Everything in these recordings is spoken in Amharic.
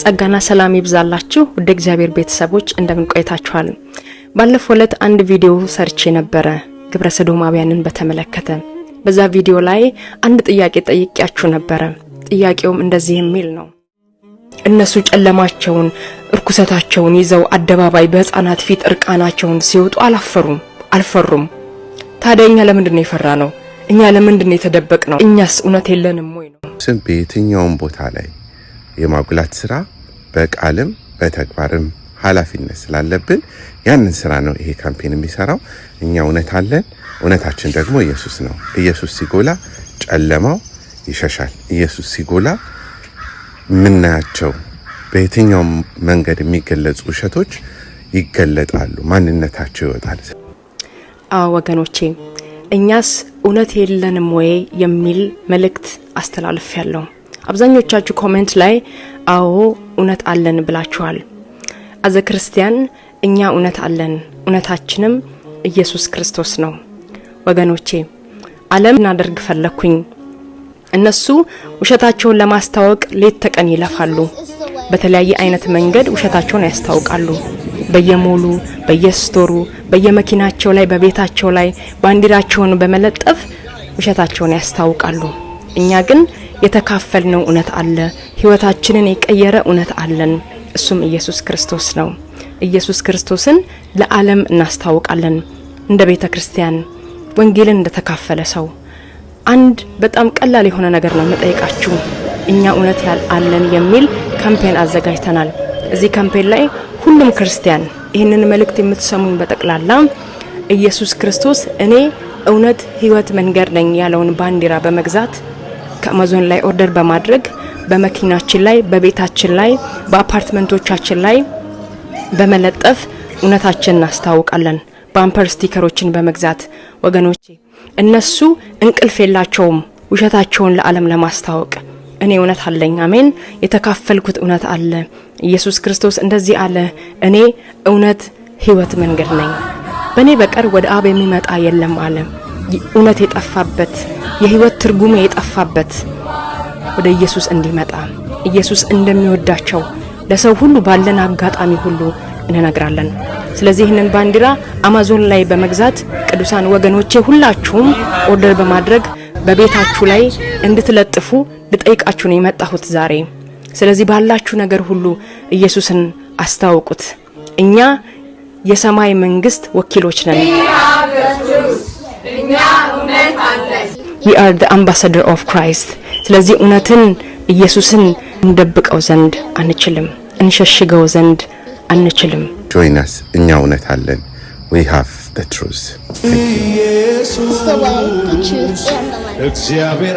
ጸጋና ሰላም ይብዛላችሁ ወደ እግዚአብሔር ቤተሰቦች እንደምን ቆይታችኋል? ባለፈው ዕለት አንድ ቪዲዮ ሰርቼ ነበረ ግብረ ሰዶማውያንን በተመለከተ። በዛ ቪዲዮ ላይ አንድ ጥያቄ ጠይቄያችሁ ነበረ። ጥያቄውም እንደዚህ የሚል ነው። እነሱ ጨለማቸውን እርኩሰታቸውን ይዘው አደባባይ በህፃናት ፊት እርቃናቸውን ሲወጡ አላፈሩም አልፈሩም። ታዲያ እኛ ለምንድን የፈራ ነው? እኛ ለምንድን የተደበቅ ነው? እኛስ እውነት የለንም ወይ ነው ስም በየትኛውም ቦታ ላይ የማጉላት ስራ በቃልም በተግባርም ኃላፊነት ስላለብን ያንን ስራ ነው ይሄ ካምፔን የሚሰራው። እኛ እውነት አለን፣ እውነታችን ደግሞ ኢየሱስ ነው። ኢየሱስ ሲጎላ ጨለማው ይሸሻል። ኢየሱስ ሲጎላ የምናያቸው በየትኛውም መንገድ የሚገለጹ ውሸቶች ይገለጣሉ፣ ማንነታቸው ይወጣል። አዎ ወገኖቼ፣ እኛስ እውነት የለንም ወይ የሚል መልእክት አስተላልፍ ያለው አብዛኞቻችሁ ኮሜንት ላይ አዎ እውነት አለን ብላችኋል። አዘ ክርስቲያን እኛ እውነት አለን፣ እውነታችንም ኢየሱስ ክርስቶስ ነው። ወገኖቼ ዓለም እናደርግ ፈለኩኝ። እነሱ ውሸታቸውን ለማስታወቅ ሌት ተቀን ይለፋሉ። በተለያየ አይነት መንገድ ውሸታቸውን ያስታውቃሉ። በየሞሉ፣ በየስቶሩ፣ በየመኪናቸው ላይ፣ በቤታቸው ላይ ባንዲራቸውን በመለጠፍ ውሸታቸውን ያስታውቃሉ። እኛ ግን የተካፈልነው እውነት አለ። ህይወታችንን የቀየረ እውነት አለን። እሱም ኢየሱስ ክርስቶስ ነው። ኢየሱስ ክርስቶስን ለዓለም እናስታውቃለን። እንደ ቤተ ክርስቲያን ወንጌልን እንደ ተካፈለ ሰው አንድ በጣም ቀላል የሆነ ነገር ነው መጠየቃችሁ። እኛ እውነት አለን የሚል ካምፔን አዘጋጅተናል። እዚህ ካምፔን ላይ ሁሉም ክርስቲያን ይህንን መልእክት የምትሰሙኝ በጠቅላላ ኢየሱስ ክርስቶስ እኔ እውነት፣ ህይወት፣ መንገድ ነኝ ያለውን ባንዲራ በመግዛት ከአማዞን ላይ ኦርደር በማድረግ በመኪናችን ላይ፣ በቤታችን ላይ፣ በአፓርትመንቶቻችን ላይ በመለጠፍ እውነታችን እናስታውቃለን። ባምፐር ስቲከሮችን በመግዛት ወገኖቼ፣ እነሱ እንቅልፍ የላቸውም ውሸታቸውን ለዓለም ለማስታወቅ። እኔ እውነት አለኝ፣ አሜን። የተካፈልኩት እውነት አለ። ኢየሱስ ክርስቶስ እንደዚህ አለ፣ እኔ እውነት፣ ህይወት፣ መንገድ ነኝ፣ በእኔ በቀር ወደ አብ የሚመጣ የለም አለ። እውነት የጠፋበት የህይወት ትርጉሙ የጠፋበት ወደ ኢየሱስ እንዲመጣ ኢየሱስ እንደሚወዳቸው ለሰው ሁሉ ባለን አጋጣሚ ሁሉ እንነግራለን። ስለዚህ ይህንን ባንዲራ አማዞን ላይ በመግዛት ቅዱሳን ወገኖቼ ሁላችሁም ኦርደር በማድረግ በቤታችሁ ላይ እንድትለጥፉ ልጠይቃችሁ ነው የመጣሁት ዛሬ። ስለዚህ ባላችሁ ነገር ሁሉ ኢየሱስን አስታውቁት። እኛ የሰማይ መንግስት ወኪሎች ነን። እኛ እውነት አለን። ዊ ዩአር ዘ አምባሳደር ኦፍ ክራይስት። ስለዚህ እውነትን ኢየሱስን እንደብቀው ዘንድ አንችልም፣ እንሸሽገው ዘንድ አንችልም። ጆይን አስ እኛ እውነት አለን። ዊ ሃቭ ዘ ትሩዝ። እግዚአብሔር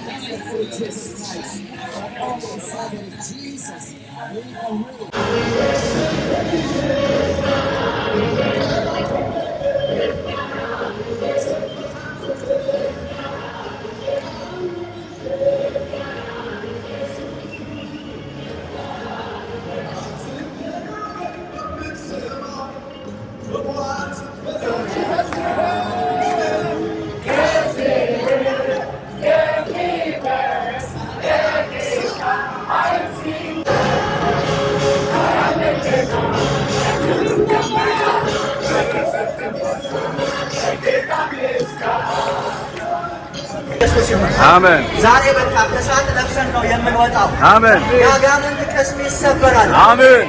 Jesus. ይሁን። አሜን። ዛሬ በቃ ከሰዓት ለብሰን ነው የምንወጣው። አሜን። ያጋንንት ቀስም ይሰበራል። አሜን።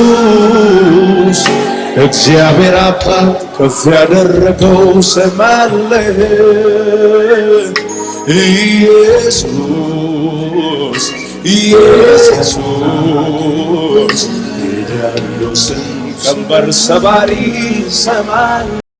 ኢየሱስ እግዚአብሔር አባት ከፍ ያደረገው ሰማለ ኢየሱስ ኢየሱስ የዳብሎስን ቀንበር ሰባሪ ሰማለ